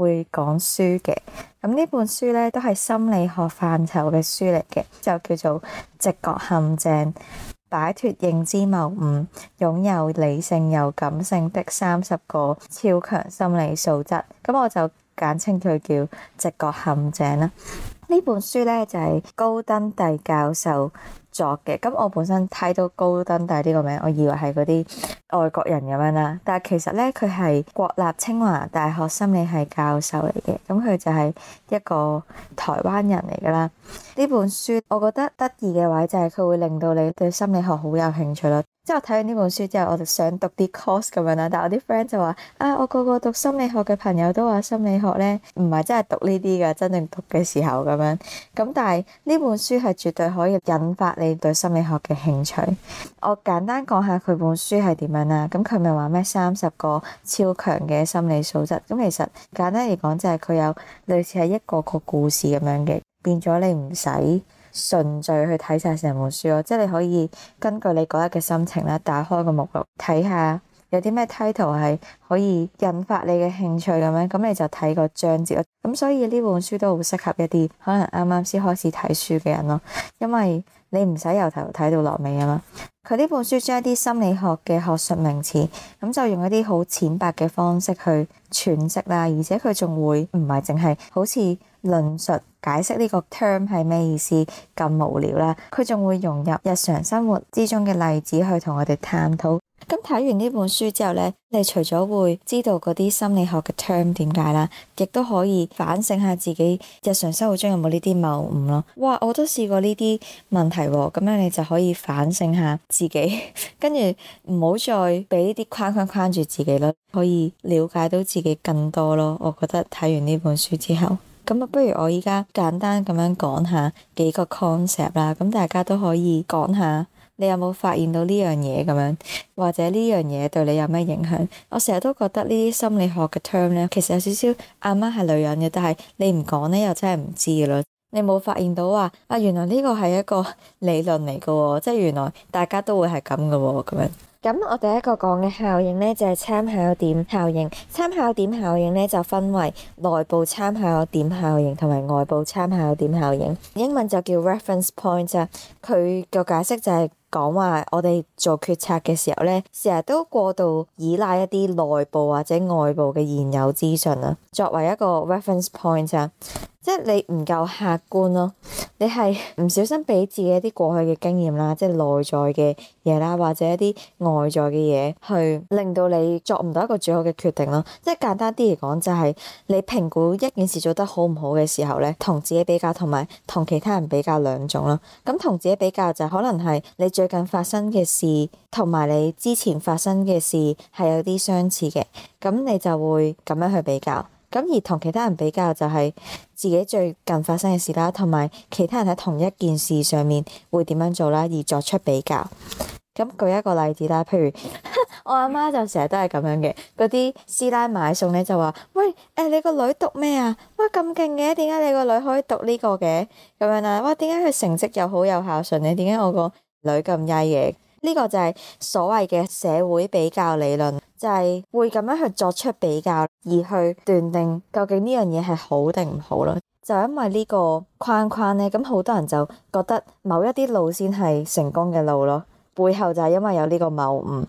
會講書嘅，咁呢本書咧都係心理學範疇嘅書嚟嘅，就叫做《直覺陷阱：擺脫認知偏誤，擁有理性又感性的三十個超強心理素質》，咁我就簡稱佢叫《直覺陷阱》啦。呢本書咧就係、是、高登第教授。作嘅，咁我本身睇到高登，但係呢個名，我以為係嗰啲外國人咁樣啦，但係其實呢，佢係國立清華大學心理系教授嚟嘅，咁佢就係一個台灣人嚟㗎啦。呢本書我覺得得意嘅位就係佢會令到你對心理學好有興趣啦。即係我睇完呢本書之後，我就想讀啲 course 咁樣啦。但係我啲 friend 就話，啊，我個個讀心理學嘅朋友都話心理學咧，唔係真係讀呢啲噶，真正讀嘅時候咁樣。咁但係呢本書係絕對可以引發你對心理學嘅興趣。我簡單講下佢本書係點樣啦。咁佢咪話咩三十個超強嘅心理素質。咁其實簡單嚟講就係佢有類似係一個個故事咁樣嘅，變咗你唔使。順序去睇曬成本書咯，即你可以根據你嗰日嘅心情咧，打開個目錄睇下有啲咩 title 係可以引發你嘅興趣咁樣，咁你就睇個章節咯。咁所以呢本書都好適合一啲可能啱啱先開始睇書嘅人咯，因為你唔使由頭睇到落尾啊嘛。佢呢本書將一啲心理學嘅學術名詞咁就用一啲好淺白嘅方式去詮釋啦，而且佢仲會唔係淨係好似論述。解釋呢個 term 係咩意思咁無聊啦？佢仲會融入日常生活之中嘅例子去同我哋探討。咁睇完呢本書之後呢，你除咗會知道嗰啲心理學嘅 term 點解啦，亦都可以反省下自己日常生活中有冇呢啲謬誤咯。哇！我都試過呢啲問題喎，哦，咁樣你就可以反省下自己，跟住唔好再俾呢啲框框框住自己咯。可以了解到自己更多咯。我覺得睇完呢本書之後。咁啊，不如我依家簡單咁樣講下幾個 concept 啦，咁大家都可以講下，你有冇發現到呢樣嘢咁樣，或者呢樣嘢對你有咩影響？我成日都覺得呢啲心理學嘅 term 咧，其實有少少阿媽係女人嘅，但係你唔講咧，又真係唔知嘅咯。你冇發現到話啊，原來呢個係一個理論嚟嘅喎，即係原來大家都會係咁嘅喎，咁樣。咁我第一個講嘅效應呢，就係、是、參考點效應。參考點效應呢，就分為內部參考點效應同埋外部參考點效應。英文就叫 reference point 啊。佢個解釋就係、是。講話我哋做決策嘅時候呢成日都過度依賴一啲內部或者外部嘅現有資訊啦。作為一個 reference point 即係你唔夠客觀咯，你係唔小心俾自己一啲過去嘅經驗啦，即係內在嘅嘢啦，或者一啲外在嘅嘢去令到你作唔到一個最好嘅決定咯。即係簡單啲嚟講，就係你評估一件事做得好唔好嘅時候呢同自己比較同埋同其他人比較兩種咯。咁同自己比較就可能係你。最近發生嘅事同埋你之前發生嘅事係有啲相似嘅，咁你就會咁樣去比較。咁而同其他人比較就係自己最近發生嘅事啦，同埋其他人喺同一件事上面會點樣做啦，而作出比較。咁舉一個例子啦，譬如 我阿媽就成日都係咁樣嘅嗰啲師奶買餸咧，就話：喂誒、欸，你個女讀咩啊？哇咁勁嘅，點解你個女可以讀呢個嘅咁樣啊？哇，點解佢成績又好有孝順咧？點解我個女咁曳嘅，呢個就係所謂嘅社會比較理論，就係會咁樣去作出比較，而去斷定究竟呢樣嘢係好定唔好咯。就因為呢個框框呢，咁好多人就覺得某一啲路先係成功嘅路咯，背後就係因為有呢個謬誤。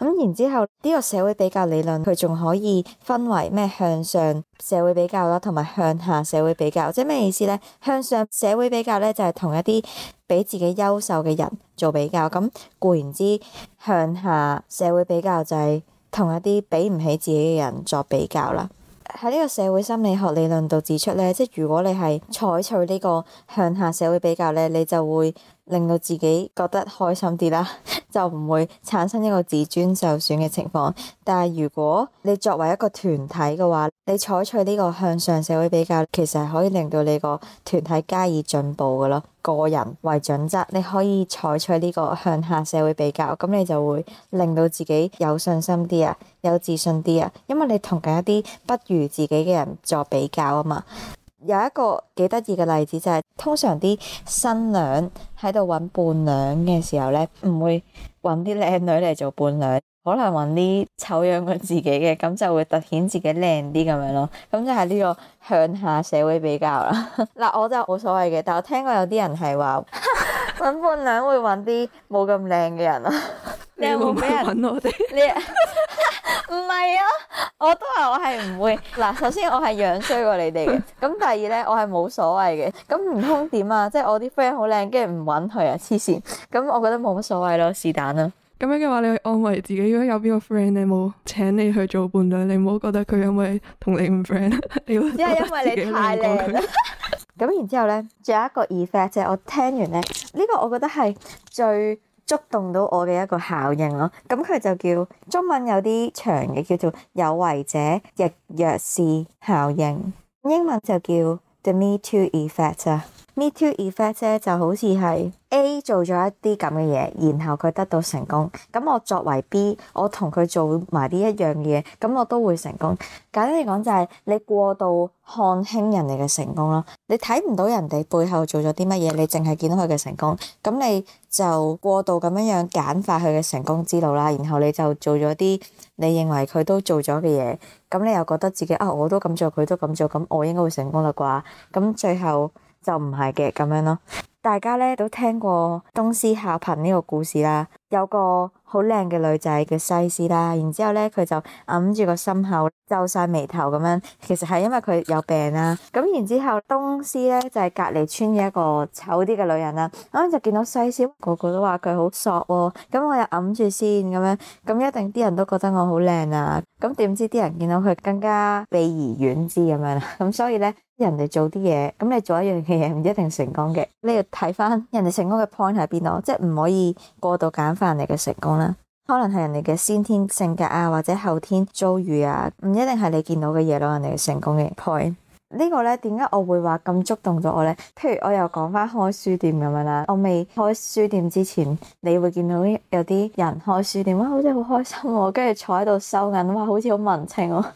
咁然之後，呢個社會比較理論佢仲可以分為咩向上社會比較啦，同埋向下社會比較，即係咩意思呢？向上社會比較咧就係同一啲比自己優秀嘅人做比較，咁固然之向下社會比較就係同一啲比唔起自己嘅人作比較啦。喺呢個社會心理學理論度指出咧，即係如果你係採取呢個向下社會比較咧，你就會令到自己覺得開心啲啦， 就唔會產生一個自尊受損嘅情況。但係如果你作為一個團體嘅話，你採取呢個向上社會比較，其實係可以令到你個團體加以進步㗎囉。個人為準則，你可以採取呢個向下社會比較，咁你就會令到自己有信心啲啊，有自信啲啊，因為你同緊一啲不如自己嘅人作比較啊嘛。有一個幾得意嘅例子就係，通常啲新娘喺度揾伴娘嘅時候呢唔會揾啲靚女嚟做伴娘，可能揾啲醜樣過自己嘅，咁就會突顯自己靚啲咁樣咯。咁就係呢個向下社會比較啦。嗱， 我就冇所謂嘅，但我聽過有啲人係話。 搵伴娘會揾啲冇咁靚嘅人啊！ 你冇畀人揾我哋？ 你唔係 啊！我都話我係唔會嗱。首先我係樣衰過你哋嘅，咁第二呢，我係冇所謂嘅。咁唔通點啊？即係我啲 friend 好靚，跟住唔揾佢啊！黐線。咁、嗯、我覺得冇乜所謂咯、啊，是但啦。咁樣嘅話，你安慰自己，如果有邊個 friend 你冇請你去做伴娘，你唔好覺得佢因為同你唔 friend。因 為你太靚 咁然之後咧，仲有一個 effect 我聽完咧，呢、這個我覺得係最觸動到我嘅一個效應咯。咁、嗯、佢就叫中文有啲長嘅，叫做有為者亦若是效應，英文就叫 The Me Too Effect。Me too effect 咧就好似係 A 做咗一啲咁嘅嘢，然後佢得到成功。咁我作為 B，我同佢做埋啲一樣嘅嘢，咁我都會成功。簡單嚟講就係你過度看輕人哋嘅成功咯。你睇唔到人哋背後做咗啲乜嘢，你淨係見到佢嘅成功。咁你就過度咁樣樣簡化佢嘅成功之路啦。然後你就做咗啲你認為佢都做咗嘅嘢，咁你又覺得自己啊，我都咁做，佢都咁做，咁我應該會成功啦啩？咁最後。就唔係嘅咁樣咯，大家咧都聽過東施效顰呢個故事啦，有個。好靚嘅女仔嘅西施啦，然之後咧佢就揞住個心口，皺晒眉頭咁樣。其實係因為佢有病啦、啊。咁然之後東呢，東施咧就係、是、隔離村嘅一個醜啲嘅女人啦。咁就見到西施個個都話佢好索喎，咁我又揞住先咁樣。咁一定啲人都覺得我好靚啊。咁點知啲人見到佢更加避而遠之咁樣啦。咁所以咧，人哋做啲嘢，咁你做一樣嘅嘢唔一定成功嘅。你要睇翻人哋成功嘅 point 喺邊度，即係唔可以過度簡化人哋嘅成功。可能係人哋嘅先天性格啊，或者後天遭遇啊，唔一定係你見到嘅嘢咯。人哋嘅成功嘅 point，這個，呢個咧，點解我會話咁觸動咗我咧？譬如我又講翻開書店咁樣啦，我未開書店之前，你會見到有啲人開書店，哇，好似好開心喎，啊，跟住坐喺度收銀，哇，好似好文青哦，啊，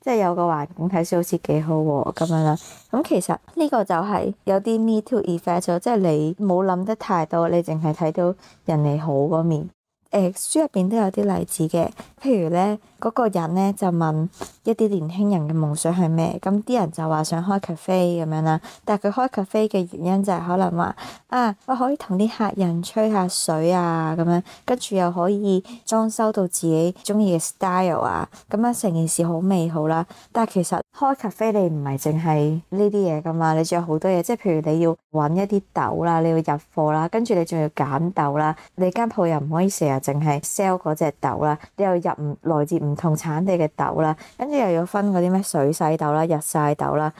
即係有個環境睇書好似幾好喎，啊，咁樣啦。咁，嗯、其實呢個就係有啲 me too effect 咗，即係你冇諗得太多，你淨係睇到人哋好嗰面。誒，書入邊都有啲例子嘅，譬如咧。嗰個人咧就問一啲年輕人嘅夢想係咩，咁啲人就話想開咖啡咁樣啦。但係佢開咖啡嘅原因就係可能話啊，我可以同啲客人吹下水啊，咁樣跟住又可以裝修到自己中意嘅 style 啊，咁啊成件事好美好啦。但係其實開咖啡你唔係淨係呢啲嘢㗎嘛，你仲有好多嘢，即係譬如你要揾一啲豆啦，你要入貨啦，跟住你仲要揀豆啦。你間鋪又唔可以成日淨係 sell 嗰隻豆啦，你又入唔來自唔同產地嘅豆啦，跟住又要分嗰啲咩水洗豆啦、日曬豆啦，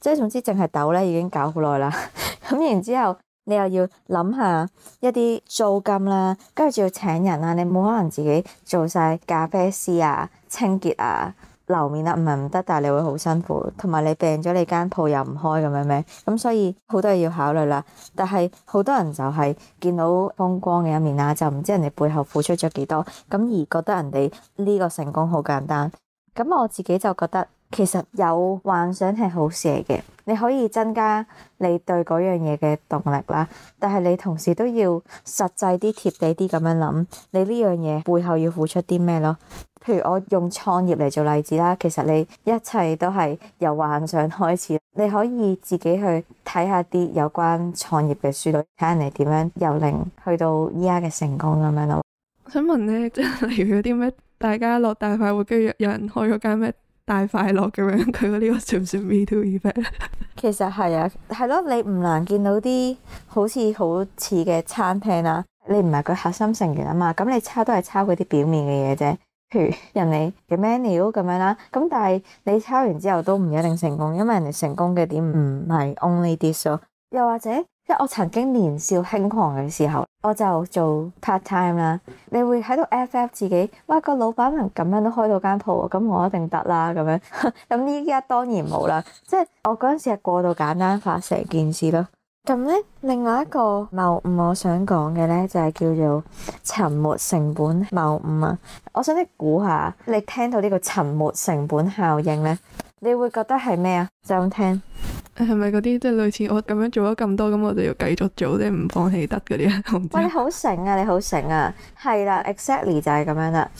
即係總之淨係豆咧已經搞好耐啦。咁然之後你又要諗下一啲租金啦，跟住仲要請人啊，你冇可能自己做晒咖啡師啊、清潔啊。樓面啦、啊，唔係唔得，但係你會好辛苦，同埋你病咗，你間鋪又唔開咁樣咩？咁所以好多嘢要考慮啦。但係好多人就係見到風光嘅一面啦、啊，就唔知人哋背後付出咗幾多，咁而覺得人哋呢個成功好簡單。咁我自己就覺得。其實有幻想係好事嚟嘅，你可以增加你對嗰樣嘢嘅動力啦。但係你同時都要實際啲、貼地啲咁樣諗，你呢樣嘢背後要付出啲咩咯？譬如我用創業嚟做例子啦，其實你一切都係由幻想開始，你可以自己去睇下啲有關創業嘅書度睇下人哋點樣由零去到依家嘅成功啦，咁樣咯。我想問咧，即係例如嗰啲咩，大家落大快活，跟住有人開咗間咩？大快樂咁樣，佢嗰啲嘢算唔算 me too effect？其實係啊，係咯，你唔難見到啲好似好似嘅餐廳啦，你唔係佢核心成員啊嘛，咁你抄都係抄佢啲表面嘅嘢啫，譬如人哋嘅 menu 咁樣啦，咁但係你抄完之後都唔一定成功，因為人哋成功嘅點唔係 only 啲數又或者。因為我曾經年少輕狂嘅時候，我就做 part time 啦。你會喺度 FF 自己，哇個老闆能咁樣都開到間鋪，咁、嗯、我一定得啦咁樣。咁依家當然冇啦，即係我嗰陣時係過度簡單化成件事咯。咁咧，另外一個謬誤我想講嘅咧，就係、是、叫做沉沒成本謬誤啊。我想你估下，你聽到呢個沉沒成本效應咧，你會覺得係咩啊？就咁聽。係咪嗰啲即係類似我咁樣做咗咁多，咁我就要繼續做，即係唔放棄得嗰啲啊？喂，你好醒啊！你好醒啊！係啦，exactly 就係咁樣啦。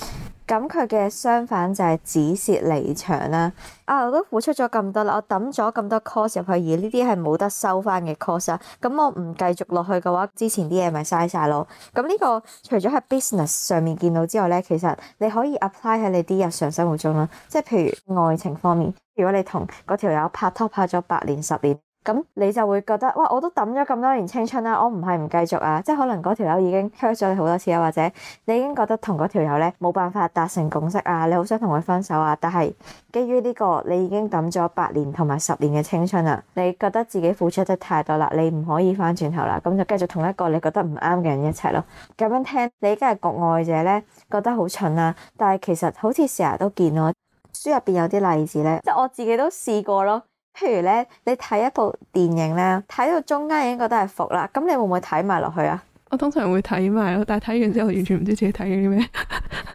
咁佢嘅相反就係止蝕離場啦。啊，我都付出咗咁多啦，我抌咗咁多 cost 入去，而呢啲係冇得收翻嘅 cost 啦。咁我唔繼續落去嘅話，之前啲嘢咪嘥晒咯。咁呢個除咗喺 business 上面見到之外呢，其實你可以 apply 喺你啲日常生活中啦。即係譬如愛情方面，如果你同嗰條友拍拖拍咗八年十年。咁你就會覺得哇！我都揼咗咁多年青春啦，我唔係唔繼續啊，即係可能嗰條友已經 hurt 咗你好多次啊，或者你已經覺得同嗰條友咧冇辦法達成共識啊，你好想同佢分手啊，但係基於呢個你已經揼咗八年同埋十年嘅青春啦，你覺得自己付出得太多啦，你唔可以翻轉頭啦，咁就繼續同一個你覺得唔啱嘅人一齊咯。咁樣聽你而家係局外者咧，覺得好蠢啦、啊，但係其實好似成日都見咯，書入邊有啲例子咧，即係我自己都試過咯。譬如咧，你睇一部電影咧，睇到中間已經覺得係伏啦，咁你會唔會睇埋落去啊？我通常會睇埋咯，但係睇完之後完全唔知自己睇咗啲咩。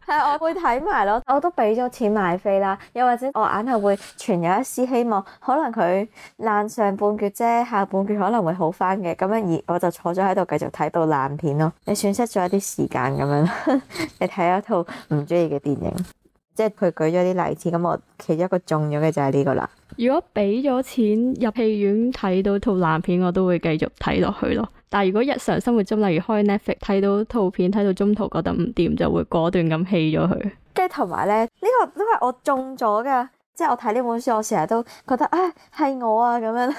係， 我會睇埋咯。我都俾咗錢買飛啦，又或者我硬係會存有一絲希望，可能佢爛上半腳啫，下半腳可能會好返嘅。咁樣而我就坐咗喺度繼續睇到爛片咯。你損失咗一啲時間咁樣， 你睇一套唔中意嘅電影，即係佢舉咗啲例子，咁我其中一個重要嘅就係呢個啦。如果畀咗錢入戲院睇到套爛片，我都會繼續睇落去咯。但係如果日常生活中，例如開 Netflix 睇到套片，睇到中途覺得唔掂，就會果斷咁棄咗佢。跟住同埋咧，呢個都係我中咗噶。即係我睇呢本書，我成日都覺得啊係我啊咁樣，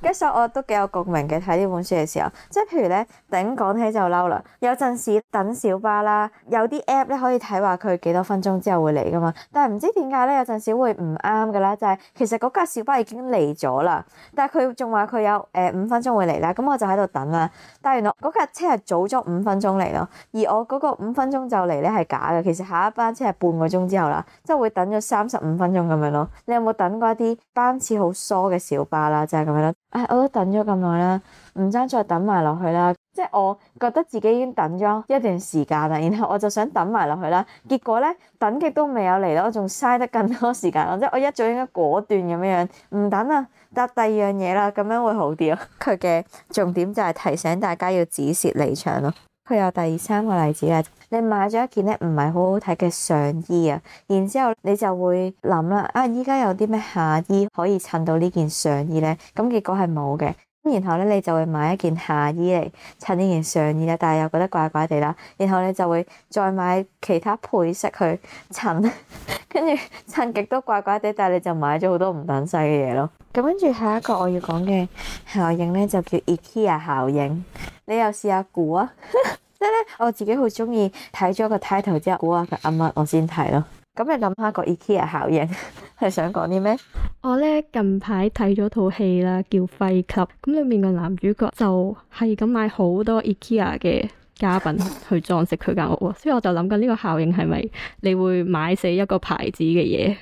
跟 住所以我都幾有共鳴嘅。睇呢本書嘅時候，即係譬如咧，頂，講起就嬲啦。有陣時等小巴啦，有啲 app 咧可以睇話佢幾多分鐘之後會嚟噶嘛。但係唔知點解咧，有陣時會唔啱㗎啦，就係、是、其實嗰架小巴已經嚟咗啦，但係佢仲話佢有誒五分鐘會嚟咧。咁我就喺度等啦。但係原來嗰架車係早咗五分鐘嚟咯，而我嗰個五分鐘就嚟咧係假嘅，其實下一班車係半個鐘之後啦，即係會等咗三十五分鐘。咁樣咯，你有冇等過一啲班次好疏嘅小巴啦？就係咁樣啦，哎，我都等咗咁耐啦，唔爭再等埋落去啦。即係我覺得自己已經等咗一段時間啦，然後我就想等埋落去啦。結果咧，等極都未有嚟咯，我仲嘥得更多時間咯。即係我一早應該果斷咁樣樣，唔等啦，搭第二樣嘢啦，咁樣會好啲咯。佢 嘅重點就係提醒大家要止蝕離場咯。佢有第三個例子咧，你買咗一件咧，唔係好好睇嘅上衣啊，然之後你就會諗啦，啊，依家有啲咩下衣可以襯到呢件上衣呢？咁結果係冇嘅，然後呢，你就會買一件下衣嚟襯呢件上衣啦，但係又覺得怪怪地啦，然後你就會再買其他配色去襯，跟住襯極都怪怪地，但係你就買咗好多唔等使嘅嘢咯。咁跟住下一個我要講嘅效應咧，就叫 IKEA 效應，你又試下估啊！ 即係咧我自己好中意睇咗個 title 之後估下佢啱唔啱，我先睇咯。咁你諗下一個 IKEA 效應係 想講啲咩？我咧近排睇咗套戲啦，叫《Fight Club》，咁裏面個男主角就係咁買好多 IKEA 嘅家品去裝飾佢間屋， 所以我就諗緊呢個效應係咪你會買死一個牌子嘅嘢？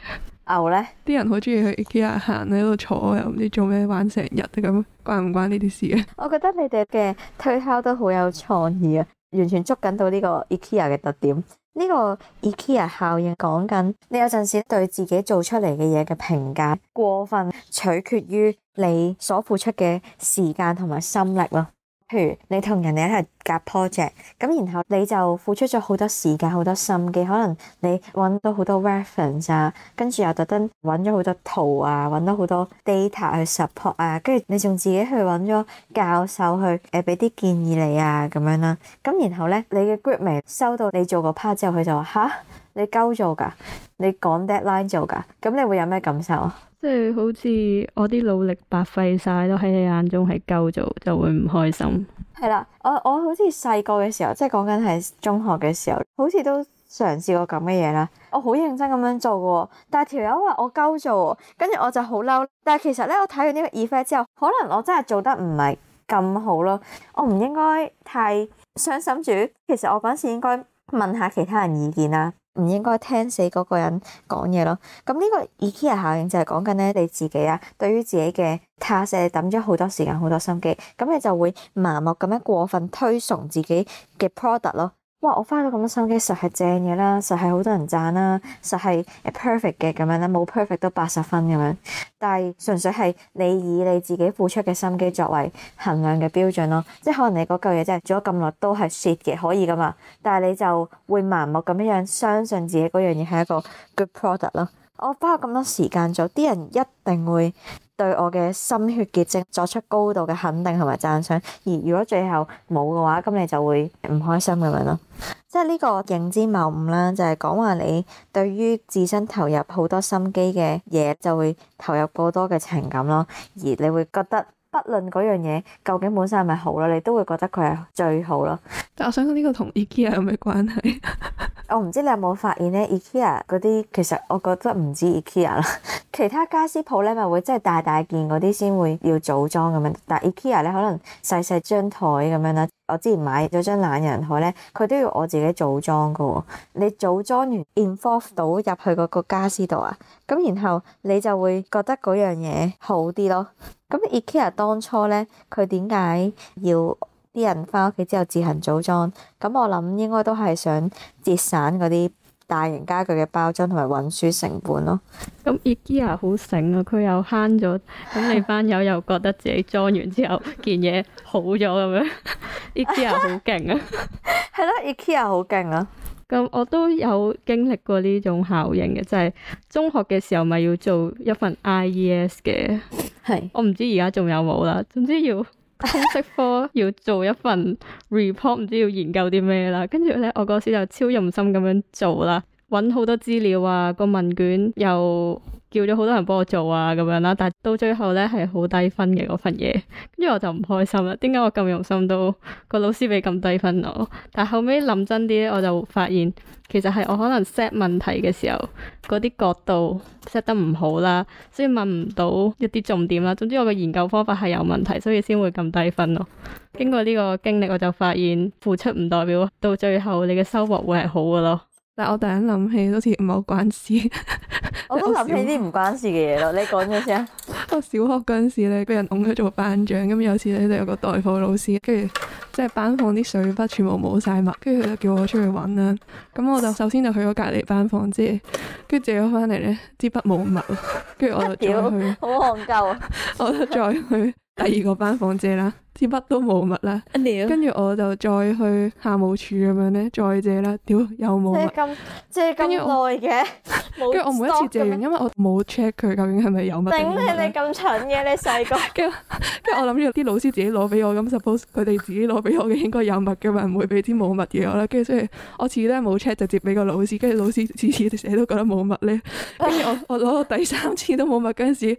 牛咧，啲人好中意去 IKEA 行喺度坐，又唔知做咩玩成日咁，關唔關呢啲事啊？我覺得你哋嘅推敲都好有創意啊，完全捉緊到呢個 IKEA 嘅特點。呢個 IKEA 效應講緊，你有陣時對自己做出嚟嘅嘢嘅評價過分，取決於你所付出嘅時間同埋心力咯。譬如你同人哋一齊夾 project，咁然後你就付出咗好多時間、好多心機，可能你搵到好多 reference 啊，跟住又特登搵咗好多圖啊，搵到好多 data 去 support 啊，跟住你仲自己去搵咗教授去誒俾啲建議你啊咁樣啦。咁然後咧，你嘅 group mate 收到你做個 part 之後，佢就話吓你鳩做噶，你講 deadline 做噶，咁你，你會有咩感受啊？即係好似我啲努力白費晒，都喺，你眼中係鳩做，就會唔開心。係啦，我我好似細個嘅時候，即係講緊係中學嘅時候，好似都嘗試過咁嘅嘢啦。我好認真咁樣做嘅，但係條友話我鳩做，跟住我就好嬲。但係其實咧，我睇完呢個 effect 之後，可能我真係做得唔係咁好咯。我唔應該太傷心住。其實我嗰時應該問下其他人意見啦。唔應該聽死嗰個人講嘢咯，咁呢個 IKEA 效應就係講緊咧，你自己啊，對於自己嘅 task，等咗好多時間好多心機，咁你就會麻木咁樣過分推崇自己嘅 product 咯。哇！我花咗咁多心機，實係正嘢啦，實係好多人讚啦，實係 perfect 嘅咁樣咧，冇 perfect 都八十分咁樣。但係純粹係你以你自己付出嘅心機作為衡量嘅標準咯，即係可能你嗰嚿嘢真係做咗咁耐都係 shit 嘅，可以㗎嘛？但係你就會盲目咁樣樣相信自己嗰樣嘢係一個 good product 咯。我花咗咁多時間做，啲人一定會。對我嘅心血結晶作出高度嘅肯定同埋讚賞，而如果最後冇嘅話，咁你就會唔開心咁樣咯。即係呢個認知謬誤啦，就係講話你對於自身投入好多心機嘅嘢，就會投入過多嘅情感咯，而你會覺得。不論嗰樣嘢究竟本身係咪好咯，你都會覺得佢係最好咯。但我想講呢個同 IKEA 有咩關係？ 我唔知你有冇發現咧，IKEA 嗰啲，其實我覺得唔止 IKEA 啦， 其他家私鋪咧咪會真係大大件嗰啲先會要組裝咁樣，但 IKEA 咧可能細細張台咁樣啦。我之前買咗張懶人海咧，佢都要我自己組裝噶喎。你組裝完 involve 到入去個個傢俬度啊。咁然後你就會覺得嗰樣嘢好啲咯。咁 IKEA 當初咧，佢點解要啲人返屋企之後自行組裝？咁我諗應該都係想節省嗰啲大型傢俱嘅包裝同埋運輸成本咯。咁 IKEA 好醒啊，佢又慳咗。咁你班友又覺得自己裝完之後件嘢好咗咁樣，IKEA 好勁啊。係咯，IKEA 好勁啊。咁我都有經歷過呢種效應嘅，就係中學嘅時候咪要做一份 IES 嘅。係。我唔知而家仲有冇啦，總之要。通識科要做一份 report，唔知要研究啲咩啦，跟住咧我嗰時就超用心咁樣做啦，揾好多資料啊，個問卷又。叫咗好多人幫我做啊，咁樣啦，但到最後咧係好低分嘅嗰份嘢，跟住我就唔開心啦。點解我咁用心都個老師俾咁低分我？但後尾諗真啲咧，我就發現其實係我可能 set 問題嘅時候嗰啲角度 set 得唔好啦，所以問唔到一啲重點啦。總之我嘅研究方法係有問題，所以先會咁低分咯。經過呢個經歷，我就發現付出唔代表到最後你嘅收穫會係好嘅咯。但係我突然間諗起，好似唔係好關事。 我都諗起啲唔關事嘅嘢咯。你講咗先。 我小學嗰陣時咧，俾人㧬咗做班長。咁有次咧，就有個代課老師，跟住即係班房啲水筆，全部冇晒墨。跟住佢就叫我出去揾啦。咁我就首先就去咗隔離班房，即係跟住借咗翻嚟咧，支筆冇墨。跟住我就再去，好憨鳩。我就再去。 第二個班房借啦，知乜都冇乜啦。跟住、啊、我就再去校務處咁樣咧，再借啦。屌有冇咁，即咁跟住耐嘅。跟住我， 我每一次借完， 因為我冇 check 佢究竟係咪有乜。頂你，你咁蠢嘅，你細個。跟住我諗住啲老師自己攞俾我，咁 suppose 佢哋自己攞俾我嘅應該有物嘅嘛，唔會俾啲冇物嘢我啦。跟住所以，我次次都係冇 check，直接俾個老師。跟住老師次次成日都覺得冇乜咧。跟住我我攞到第三次都冇乜。嗰陣時。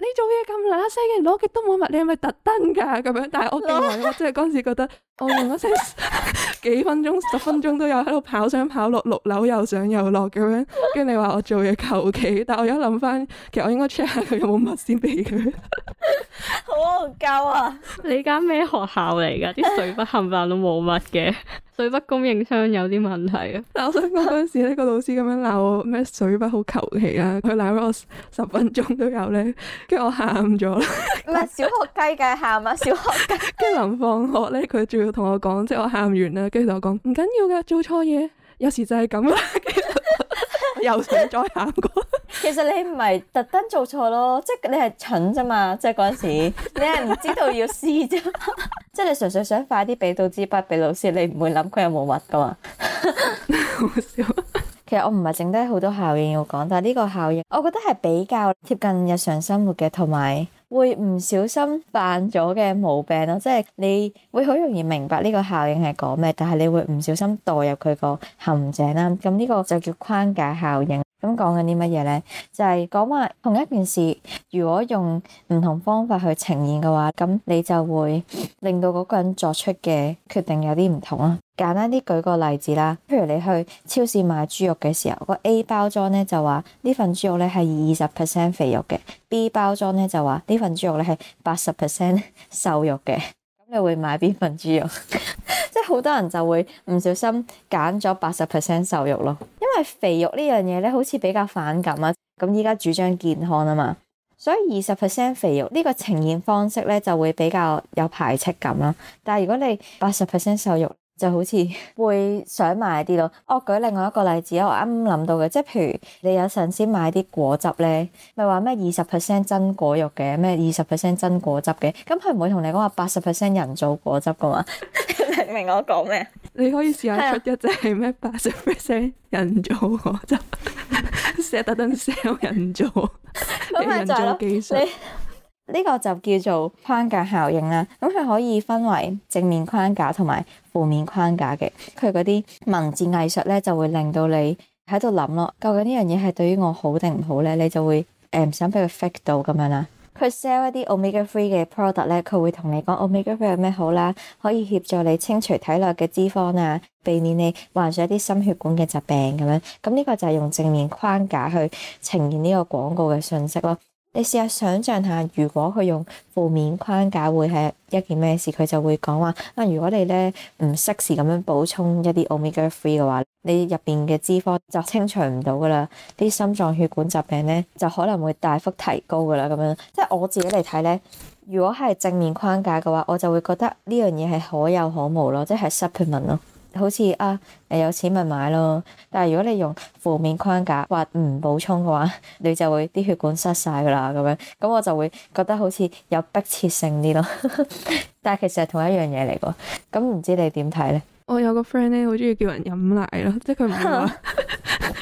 你做嘢咁嗱聲嘅，攞極都冇乜。你係咪特登噶咁樣？但係我認為我真係嗰時覺得，我、哦、用咗成幾分鐘、十 分鐘都有喺度跑，跑，上跑落六樓又上又落咁樣。跟住你話我做嘢求其，但係我而家諗翻，其實我應該 check 下佢有冇乜先俾佢。 好戇鳩啊！ 你間咩學校嚟噶？啲水筆冚唪唥都冇乜嘅，水筆供應商有啲問題、啊。但我想講嗰陣時咧，嗰個老師咁樣鬧我咩水筆好求其啊，佢鬧咗我十分鐘都有咧。跟住我喊咗，唔係小學雞嘅喊啊！小學雞跟住臨放學咧，佢仲要同我講，即係我喊完啦，跟住同我講唔緊要嘅，做錯嘢有時就係咁啦，又想再喊過。其實你唔係特登做錯咯，即係你係蠢啫嘛，即係嗰陣時，你係唔知道要試啫，即係你純粹想快啲俾到支筆俾老師，你唔會諗佢有冇乜噶嘛。其實我唔係剩低好多效應要講，但係呢個效應我覺得係比較貼近日常生活嘅，同埋會唔小心犯咗嘅毛病咯。即係你會好容易明白呢個效應係講咩，但係你會唔小心墮入佢個陷阱啦。咁呢個就叫框架效應。咁講緊啲乜嘢呢？就係、是、講話同一件事，如果用唔同方法去呈現嘅話，咁你就會令到嗰個人作出嘅決定有啲唔同啦。簡單啲舉個例子啦，譬如你去超市買豬肉嘅時候，個 A 包裝咧就話呢份豬肉咧係二十 percent 肥肉嘅，B 包裝咧就話呢份豬肉咧係八十 percent 瘦肉嘅。咁你會買邊份豬肉？即係好多人就會唔小心揀咗八十 percent 瘦肉咯，因為肥肉呢樣嘢咧好似比較反感啊。咁依家主張健康啊嘛，所以二十 percent 肥肉呢個呈現方式咧就會比較有排斥感咯。但係如果你八十 percent 瘦肉，就好似會想買啲咯。我舉另外一個例子，我啱啱諗到嘅，即係譬如你有陣先買啲果汁咧，咪話咩二十 percent 真果肉嘅，咩二十 percent 真果汁嘅，咁佢唔會同你講話八十 percent 人造果汁噶嘛？ 明明我講咩？你可以試下出一隻係咩八十 percent 人造果汁，寫特登 sell 人造 人造技術。呢個就叫做框架效應啦，咁佢可以分為正面框架同埋負面框架嘅。佢嗰啲文字藝術咧就會令到你喺度諗咯，究竟呢樣嘢係對於我好定唔好咧？你就會誒唔、呃、想俾佢 fake 到咁樣啦。佢 sell 一啲 omega three 嘅 product 咧，佢會同你講 omega three 有咩好啦，可以協助你清除體內嘅脂肪啊，避免你患上一啲心血管嘅疾病咁樣。咁呢個就係用正面框架去呈現呢個廣告嘅信息咯。你試下想象下，如果佢用負面框架，會係一件咩事？佢就會講話啊。如果你咧唔適時咁樣補充一啲 omega three 嘅話，你入邊嘅脂肪就清除唔到噶啦，啲心臟血管疾病咧就可能會大幅提高噶啦。咁樣即係我自己嚟睇咧，如果係正面框架嘅話，我就會覺得呢樣嘢係可有可無咯，即係 supplement 咯。好似啊，有錢咪買咯。但係如果你用負面框架或唔補充嘅話，你就會啲血管塞晒㗎喇咁樣。咁我就會覺得好似有迫切性啲咯。 但係其實係同一樣嘢嚟嘅。咁唔知你點睇呢？我有個 friend 咧，好中意叫人飲奶咯，即係佢唔會話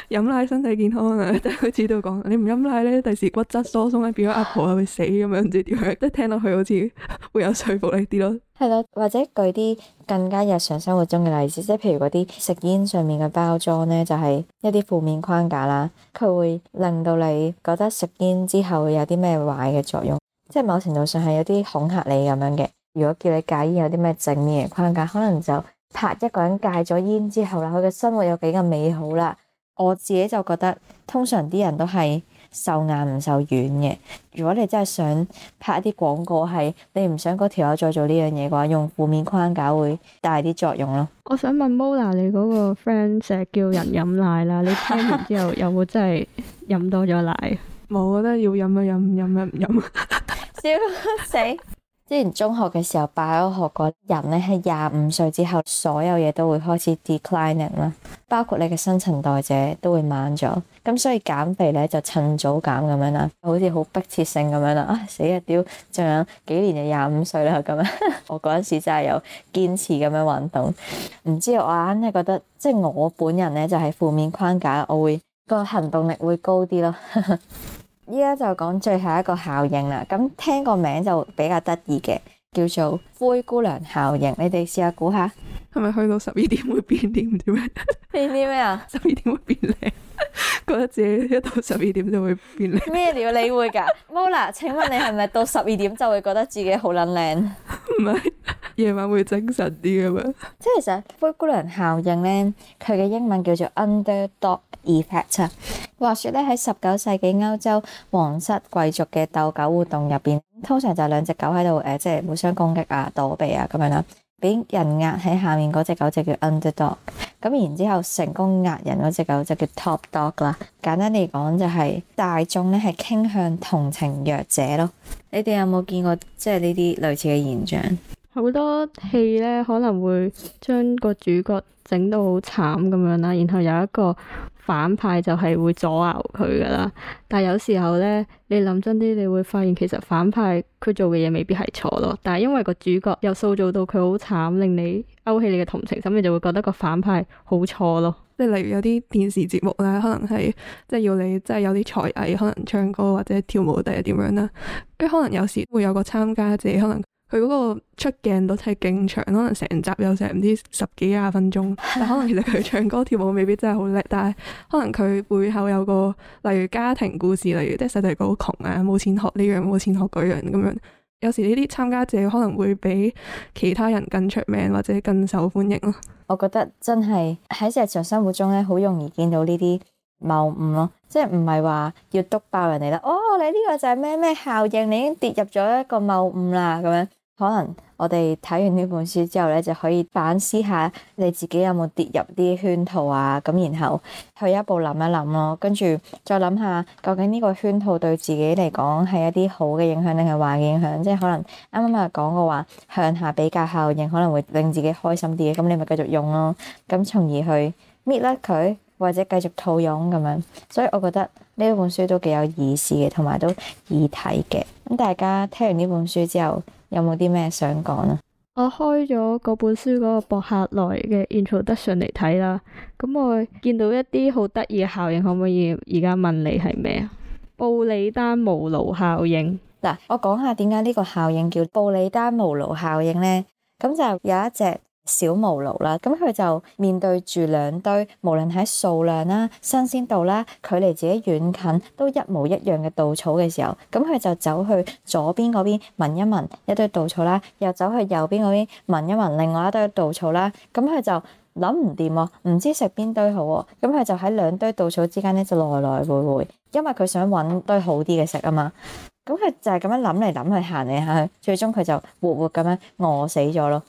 飲奶身體健康啊，即係佢始終講，你唔飲奶咧，第時骨質疏鬆啊，變咗阿婆啊，會死咁樣，唔知點樣，即係聽落去好似會有說服力啲咯。係咯，或者舉啲更加日常生活中嘅例子，即係譬如嗰啲食煙上面嘅包裝咧，就係一啲負面框架啦，佢會令到你覺得食煙之後會有啲咩壞嘅作用，即係某程度上係有啲恐嚇你咁樣嘅。如果叫你戒煙有啲咩正面嘅框架，可能就。拍一個人戒咗煙之後啦，佢嘅生活有幾咁美好啦。我自己就覺得，通常啲人都係受硬唔受軟嘅。如果你真係想拍一啲廣告，係你唔想嗰條友再做呢樣嘢嘅話，用負面框架會大啲作用咯。我想問 Mola，你嗰個 friend 成日叫人飲奶啦，你聽完之後 有冇真係飲多咗奶？冇， 覺得要飲咪飲，唔飲咪唔飲。啊啊、笑死。 之前中學嘅時候，拜咗學過人咧喺廿五歲之後，所有嘢都會開始 declining 啦，包括你嘅新陳代謝都會慢咗。咁所以減肥咧就趁早減咁樣啦，好似好迫切性咁樣啦。啊死啊屌，仲有幾年就廿五歲啦咁樣。 我嗰陣時真係有堅持咁樣運動。唔知我硬係覺得，即係我本人咧就係負面框架，我會個行動力會高啲咯。 依家就講最後一個效應啦，咁聽個名就比較得意嘅，叫做灰姑娘效應。你哋試下估下，係咪去到十二點會變點咩？ 變啲咩啊？十二點會變靚。 覺得自己一到十二點就會變靚？咩料？你會噶？Mola，請問你係咪到十二點就會覺得自己好捻靚？唔係，夜晚會精神啲咁樣。即係其實灰姑娘效應咧，佢嘅英文叫做 Underdog Effect 啊。話說咧喺十九世紀歐洲皇室貴族嘅鬥狗活動入邊，通常就係兩隻狗喺度誒，即係互相攻擊啊、躲避啊咁樣啦。俾人壓喺下面嗰隻狗就叫 Underdog，咁然之後成功壓人嗰隻狗就叫 Top Dog 啦。簡單嚟講就係大眾咧係傾向同情弱者咯。你哋有冇見過即係呢啲類似嘅現象？好多戲咧可能會將個主角整到好慘咁樣啦，然後有一個。反派就係會阻礙佢㗎喇，但係有時候呢，你諗真啲，你會發現其實反派佢做嘅嘢未必係錯咯，但係因為個主角又塑造到佢好慘，令你勾起你嘅同情心，你就會覺得個反派好錯咯。即係例如有啲電視節目呢，可能係即係要你即係有啲才藝，可能唱歌或者跳舞定係點樣啦，跟住可能有時會有個參加者可能。佢嗰個出鏡都係勁長，可能成集有成唔知十幾廿分鐘。但可能其實佢唱歌跳舞未必真係好叻，但係可能佢背後有個，例如家庭故事，例如即係細細個好窮啊，冇錢學呢樣，冇錢學嗰樣咁樣。有時呢啲參加者可能會比其他人更出名或者更受歡迎咯。我覺得真係喺日常生活中咧，好容易見到呢啲。謬誤咯，即係唔係話要督爆人哋啦。哦，你呢個就係咩咩效應，你已經跌入咗一個謬誤啦。咁樣可能我哋睇完呢本書之後咧，就可以反思下你自己有冇跌入啲圈套啊。咁然後去一步諗一諗咯，跟住再諗下究竟呢個圈套對自己嚟講係一啲好嘅影響定係壞嘅影響。即係可能啱啱咪講過話向下比較效應可能會令自己開心啲，咁你咪繼續用咯，咁從而去搣甩佢。或者繼續套用咁樣，所以我覺得呢本書都幾有意思嘅，同埋都易睇嘅。咁大家聽完呢本書之後，有冇啲咩想講咧？我開咗嗰本書嗰個博客來嘅 introduction 嚟睇啦，咁我見到一啲好得意嘅效應，可唔可以而家問你係咩啊？布里丹毛驢效應。嗱，我講下點解呢個效應叫布里丹毛驢效應咧？咁就有一隻。小毛驢啦，咁佢就面對住兩堆，無論喺數量啦、新鮮度啦、距離自己遠近都一模一樣嘅稻草嘅時候，咁佢就走去左邊嗰邊聞一聞一堆稻草啦，又走去右邊嗰邊聞一聞另外一堆稻草啦，咁佢就諗唔掂啊，唔知食邊堆好啊，咁佢就喺兩堆稻草之間咧就來來回回，因為佢想搵堆好啲嘅食啊嘛，咁佢就係咁樣諗嚟諗去，行嚟行去，最終佢就活活咁樣餓死咗咯。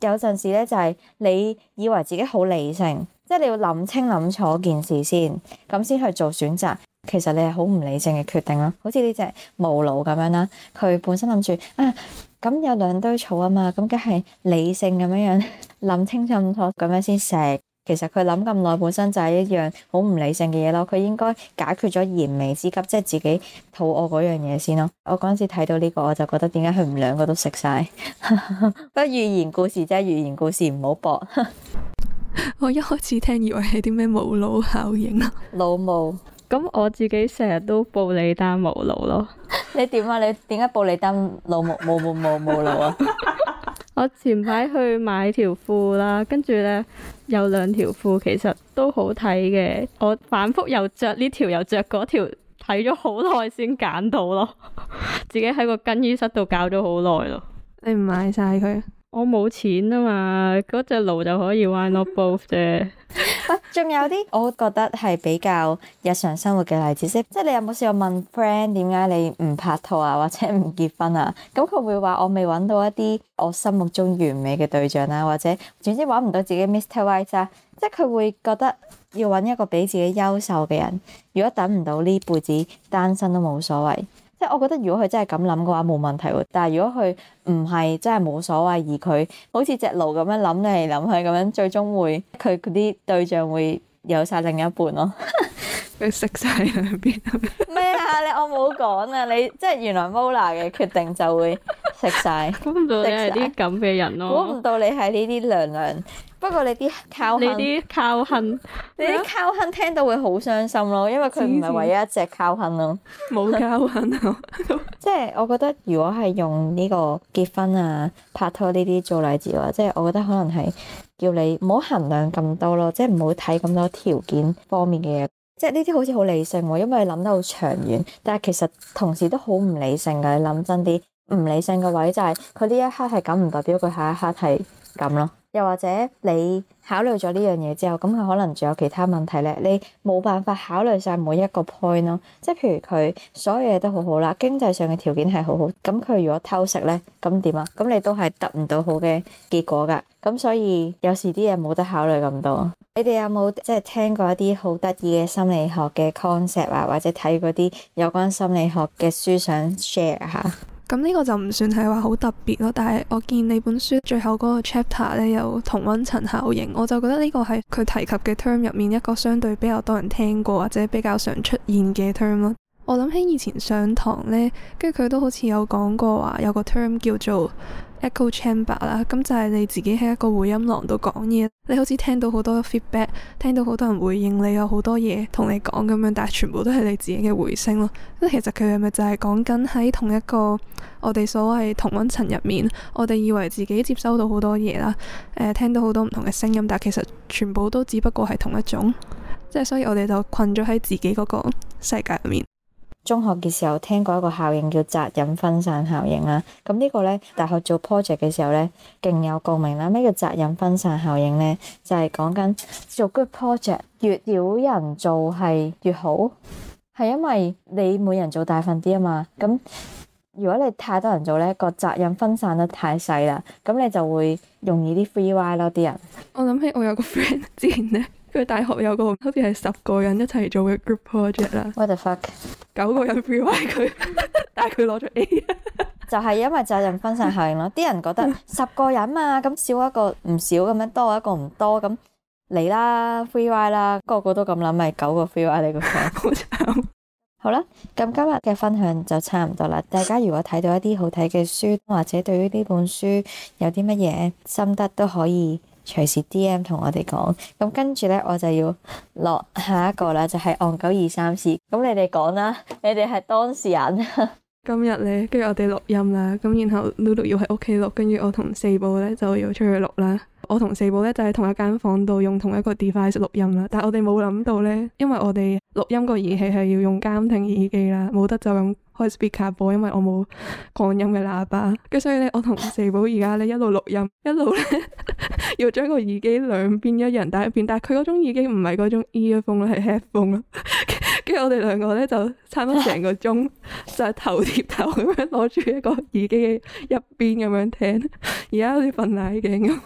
有陣時咧就係、是、你以為自己好理性，即係你要諗清諗楚件事先，咁先去做選擇，其實你係好唔理性嘅決定咯、啊，好似呢隻毛驢咁樣啦、啊，佢本身諗住啊，咁有兩堆草啊嘛，咁梗係理性咁樣樣。諗清楚咁樣先食，其實佢諗咁耐本身就係一樣好唔理性嘅嘢咯。佢應該解決咗燃眉之急，即係自己肚餓嗰樣嘢先咯。我嗰陣時睇到呢個，我就覺得點解佢唔兩個都食晒？ 不寓言故事即係寓言故事，唔好博。 我一開始聽以為係啲咩無腦效應啊，老毛咁我自己成日都報你單無腦咯。 你點啊？你點解報你單無腦冇冇冇冇冇腦啊？ 我前排去買條褲啦，跟住呢，有兩條褲其實都好睇嘅，我反覆又着呢條又着嗰條，睇咗好耐先揀到咯，自己喺個更衣室度搞咗好耐咯。你唔買晒佢？我冇錢啊嘛，嗰隻驢，就可以 why not both 啫。 仲、啊、有啲我覺得係比較日常生活嘅例子，即即你有冇試過問 friend 點解你唔拍拖啊，或者唔結婚啊？咁佢會話我未揾到一啲我心目中完美嘅對象啦、啊，或者總之揾唔到自己 Mr. Right 啊，即佢會覺得要揾一個比自己優秀嘅人，如果等唔到呢輩子單身都冇所謂。即係我覺得，如果佢真係咁諗嘅話，冇問題喎。但係如果佢唔係真係冇所謂，而佢好似隻驢咁樣諗嚟諗去咁樣，最終會佢啲對象會有晒另一半咯。 食晒喺邊啊？咩 啊？你我冇講啊！你即係原來 Mola 嘅決定就會食晒。估唔 到你係啲咁嘅人咯，啊。估唔到你係呢啲涼涼。 不過你啲靠恨，你啲靠恨， 你啲靠， 靠恨聽到會好傷心咯。因為佢唔係唯一一隻靠恨咯。冇 靠恨啊！ 即係我覺得，如果係用呢個結婚啊、拍拖呢啲做例子嘅話，即係我覺得可能係叫你唔好衡量咁多咯，即係唔好睇咁多條件方面嘅嘢。即係呢啲好似好理性喎，因為你諗得好長遠，但係其實同時都好唔理性嘅。你諗真啲，唔理性嘅位就係佢呢一刻係咁，唔代表佢下一刻係咁咯。又或者你考慮咗呢樣嘢之後，咁佢可能仲有其他問題咧。你冇辦法考慮晒每一個 point 咯，即係譬如佢所有嘢都好好啦，經濟上嘅條件係好好，咁佢如果偷食咧，咁點啊？咁你都係得唔到好嘅結果噶。咁所以有時啲嘢冇得考慮咁多。你哋有冇即係聽過一啲好得意嘅心理學嘅 concept 啊，或者睇過啲有關心理學嘅書想 share 下？咁呢個就唔算係話好特別咯，但係我見你本書最後嗰個 chapter 呢，有同溫層效應，我就覺得呢個係佢提及嘅 term 入面一個相對比較多人聽過或者比較常出現嘅 term 咯。我諗起以前上堂呢，跟住佢都好似有講過話有個 term 叫做 Echo chamber 啦，咁就係你自己喺一個回音廊度講嘢，你好似聽到好多 feedback，聽到好多人回應你，有好多嘢同你講咁樣，但係全部都係你自己嘅回聲咯。咁其實佢係咪就係講緊喺同一個我哋所謂同溫層入面，我哋以為自己接收到好多嘢啦，誒、呃，聽到好多唔同嘅聲音，但其實全部都只不過係同一種，即係所以我哋就困咗喺自己嗰個世界入面。中學嘅時候聽過一個效應叫責任分散效應啦，咁、這、呢個呢，大學做 project 嘅時候呢，勁有共鳴啦。咩叫責任分散效應呢？就係講緊做 good project 越少人做係越好，係因為你每人做大份啲啊嘛。咁如果你太多人做呢，個責任分散得太細啦，咁你就會容易啲 free ride 咯，啲人。我諗起我有個 friend 之前呢。 佢大學有個好似係十個人一齊做嘅 group project 啦，What the fuck？九個人 free ride 佢， 但係佢攞咗 A， 就係因為責任分散效應咯。啲 人覺得十個人嘛、啊，咁少一個唔少咁樣，多一個唔多咁嚟啦，free ride 啦，個個都咁諗，咪、就是、九個 free ride 你個群 很可憐笑好啦。咁今日嘅分享就差唔多啦。大家如果睇到一啲好睇嘅書，或者對於呢本書有啲乜嘢心得，都可以。隨時 DM 同我哋講，咁跟住咧我就要落下，下一個啦，就係按九二三四。咁你哋講啦，你哋係當事人。今日咧，跟住我哋錄音啦，咁然後 Lulu 要喺屋企錄，跟住我同四寶咧就要出去錄啦。我同四寶咧就喺同一間房度用同一個 device 錄音啦，但係我哋冇諗到咧，因為我哋錄音個儀器係要用監聽耳機啦，冇得就咁。開 speaker 播，因為我冇擴音嘅喇叭，跟住所以咧，我同四寶而家咧一路錄音，一路咧 要將個耳機兩邊一人戴一邊，但係佢嗰種耳機唔係嗰種 earphone 啦 ear，係 headphone 啦，跟住我哋兩個咧就差唔多成個鐘 就係頭貼頭咁樣攞住一個耳機嘅一邊咁樣聽，而家好似瞓奶頸咁，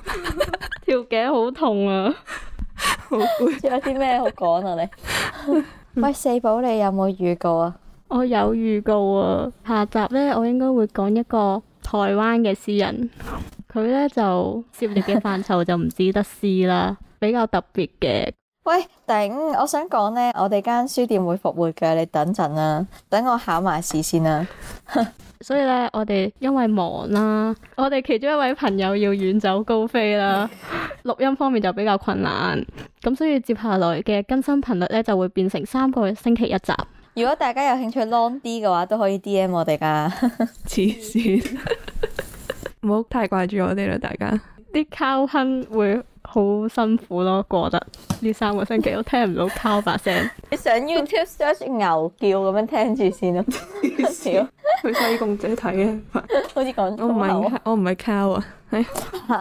條頸好痛啊， 很累 好攰，啊。仲有啲咩好講啊你？ 喂，四寶你有冇預告啊？我有預告啊，下集呢，我應該會講一個台灣嘅詩人，佢呢，就涉獵嘅範疇就唔止得詩啦，比較特別嘅。喂，頂！我想講呢，我哋間書店會復活嘅，你等陣啊，等我考埋試先啊。 所以呢，我哋因為忙啦，我哋其中一位朋友要遠走高飛啦， 錄音方面就比較困難。咁所以接下來嘅更新頻率呢，就會變成三個星期一集。如果大家有興趣 long 啲嘅話，都可以 DM 我哋啊！黐線，唔好太掛住我哋啦，大家啲 cow 哼會好辛苦咯。過得呢三個星期，都聽唔到 cow 把聲。你上 YouTube search 牛叫咁樣聽住先咯。黐線，去西貢仔睇啊！好似講我唔係，我唔係 cow 啊！吓，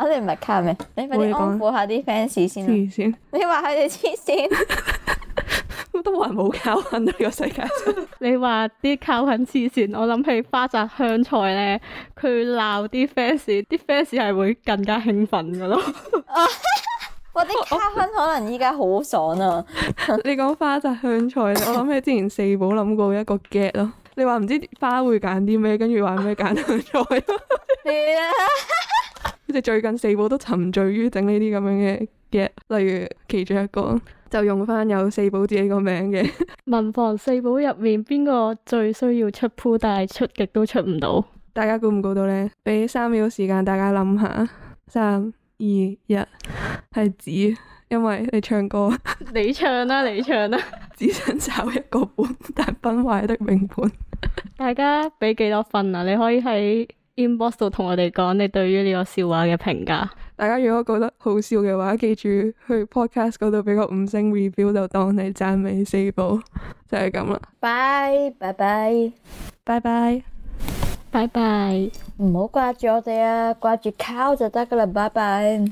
你唔係 cow 咩？你快啲安撫下啲 fans 先。黐線，你話佢哋黐線。我 都話冇靠近呢個世界上， 你話啲靠近黐線，我諗起花澤香菜咧，佢鬧啲 fans，啲 fans 係會更加興奮噶咯。我啲靠近可能依家好爽啊！ 你講花澤香菜，我諗起之前四寶諗過一個 gag 咯。你話唔知花會揀啲咩，跟住話咩揀香菜。你啊，你哋最近四寶都沉醉於整呢啲咁樣嘅。Yeah. 例如其中一個就用翻有四寶自己個名嘅。 文房四寶入面邊個最需要出鋪，但係出極都出唔到？大家估唔估到呢？畀三秒時間大家諗下，三二一，係紙，因為你唱歌。 你唱啦、啊，你唱啦、啊。 只想找一個本，但崩壞的名盤。 大家畀幾多分啊？你可以喺 inbox 度同我哋講你對於呢個笑話嘅評價。大家如果覺得好笑嘅話，記住去 podcast 嗰度畀個五星 review 就當係讚美四寶，就係咁啦。拜拜拜拜拜拜，唔好掛住我哋啊，掛住烤就得噶啦。拜拜。